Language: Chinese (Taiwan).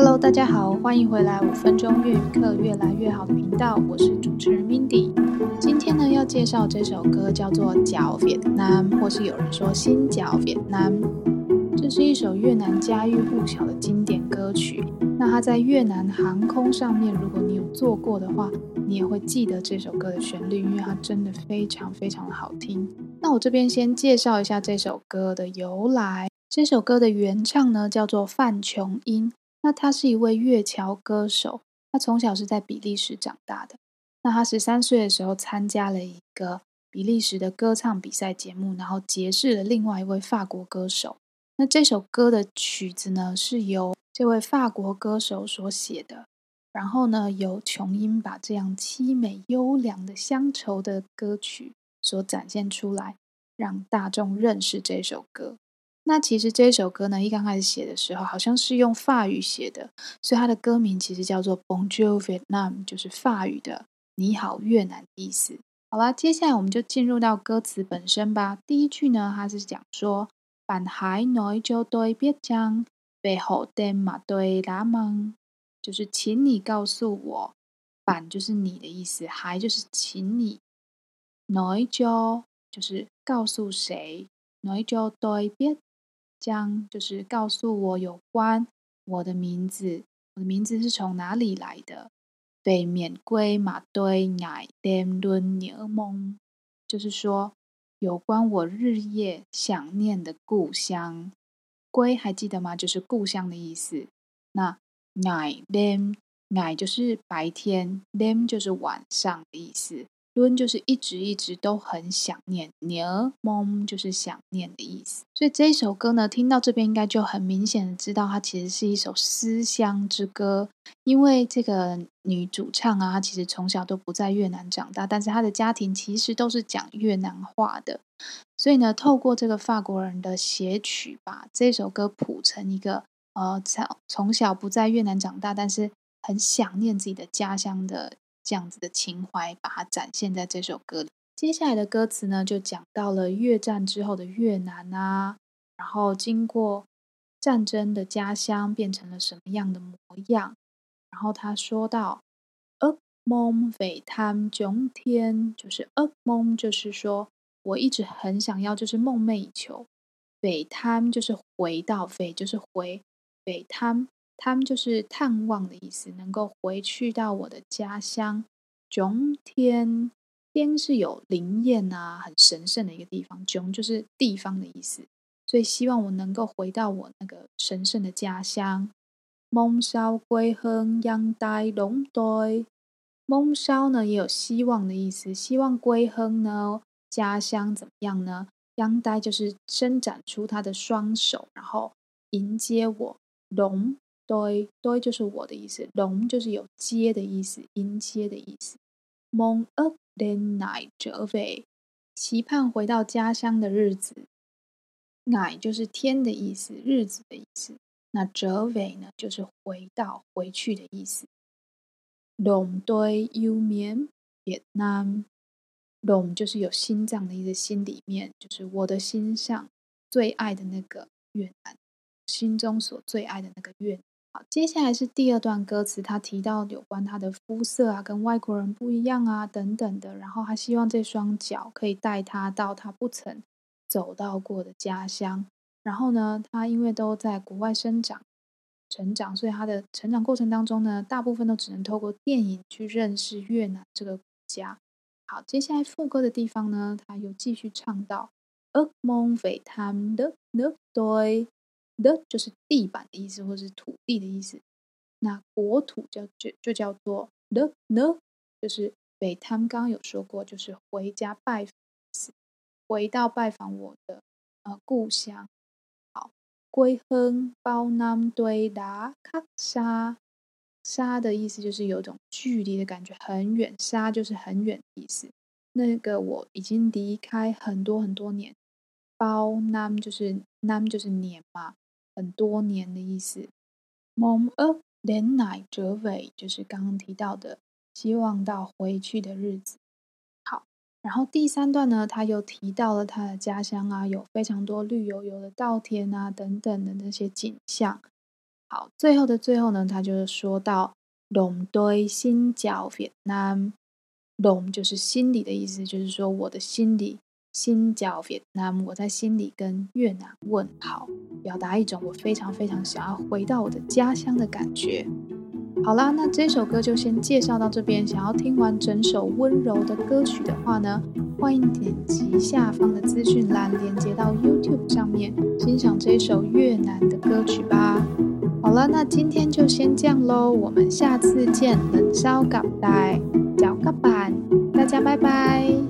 Hello，大家好，歡迎回來《五分鐘越語課》越來越好的頻道，我是主持人 Mindy。今天呢，要介紹這首歌叫做《Chào Việt Nam》，或是有人說《Xin chào Việt Nam》，這是一首越南家喻戶曉的經典歌曲。那它在越南航空上面，如果你有坐過的話，你也會記得這首歌的旋律，因為它真的非常非常的好聽。那我這邊先介紹一下這首歌的由來。這首歌的原唱呢，叫做范瓊英。那他是一位越僑歌手，他從小是在比利時長大的。那他十三歲的時候參加了一個比利時的歌唱比賽節目，然後結識了另外一位法國歌手。那這首歌的曲子呢，是由這位法國歌手所寫的，然後呢，由瓊英把這樣淒美悠揚的鄉愁的歌曲所展現出來，讓大眾認識這首歌。那其實這首歌呢，一剛開始寫的時候，好像是用法語寫的，所以它的歌名其實叫做 Bonjour Vietnam，就是法語的“你好越南”的意思。好了，接下來我們就進入到歌詞本身吧。第一句呢，它是講說：“板孩 noi jo dui bi chang be ho den ma du lam”，就是請你告訴我，板就是你的意思，孩就是請你，noi jo 就是告訴誰，noi jo dui bi。就是將就是告訴我有關我的名字，我的名字是從哪裡來的？對，免歸馬堆乃顛倫鳥夢，就是說有關我日夜想念的故鄉。歸還記得嗎？就是故鄉的意思。那乃顛，乃就是白天，顛就是晚上的意思。就是一直一直都很想念 m、嗯、就是想念的意思，所以這一首歌呢，聽到這邊應該就很明顯的知道它其實是一首思鄉之歌，因為這個女主唱啊，她其實從小都不在越南長大，但是她的家庭其實都是講越南話的，所以呢，透過這個法國人的寫曲，把這首歌譜成一個呃，從小不在越南長大，但是很想念自己的家鄉的。這樣子的情懷，把它展現在這首歌裡。接下來的歌詞呢，就講到了越戰之後的越南啊，然後經過戰爭的家鄉變成了什麼樣的模樣。然後他說到，噩夢，北灘，雄天，就是噩夢，就是說我一直很想要，就是夢寐以求。北灘就是回到北，就是回北灘他們就是探望的意思，能夠回去到我的家鄉。囧天天是有靈驗啊，很神聖的一個地方。囧就是地方的意思，所以希望我能夠回到我那個神聖的家鄉。蒙燒歸亨，央呆龍呆。蒙燒呢也有希望的意思，希望歸亨呢家鄉怎麼樣呢？央呆就是伸展出他的雙手，然後迎接我龍。對對，對就是我的意思。隆就是有接的意思，迎接的意思。夢厄連奈哲偉，期盼回到家鄉的日子。奈就是天的意思，日子的意思。那哲偉呢，就是回到回去的意思。隆對幽眠別南，那隆就是有心臟的意思，心裡面就是我的心上最愛的那個越南，心中所最愛的那個越南。接下來是第二段歌詞，他提到有關他的膚色啊，跟外國人不一樣啊，等等的。然後他希望這雙腳可以帶他到他不曾走到過的家鄉。然後呢，他因為都在國外生長、成長，所以他的成長過程當中呢，大部分都只能透過電影去認識越南這個國家。好，接下來副歌的地方呢，他又繼續唱到，ước mong về thăm đất nước tôi。的，就是地板的意思，或是土地的意思。那國土就就，就叫做的呢，就是，北。他們剛剛有說過，就是回家拜訪的意思，回到拜訪我的呃故鄉。好，歸亨包南堆達卡沙，沙的意思就是有種距離的感覺，很遠。沙就是很遠的意思。那個我已經離開很多很多年。包南就是南就是年嘛。很多年的意思，就是剛剛提到的，希望到回去的日子。好，然後第三段呢，他又提到了他的家鄉啊，有非常多綠油油的稻田啊等等的那些景象。好，最後的最後呢，他就是說到攏堆心腳扁南，攏就是心裡的意思，就是說我的心裡。Chào Việt Nam，我在心裡跟越南問好，表達一種我非常非常想要回到我的家鄉的感覺。好啦，那這首歌就先介紹到這邊。想要聽完整首溫柔的歌曲的話呢，歡迎點擊下方的資訊欄，連結到 YouTube 上面欣賞這一首越南的歌曲吧。好啦，那今天就先這樣嘍，我們下次見，Hẹn gặp lại các bạn，大家拜拜。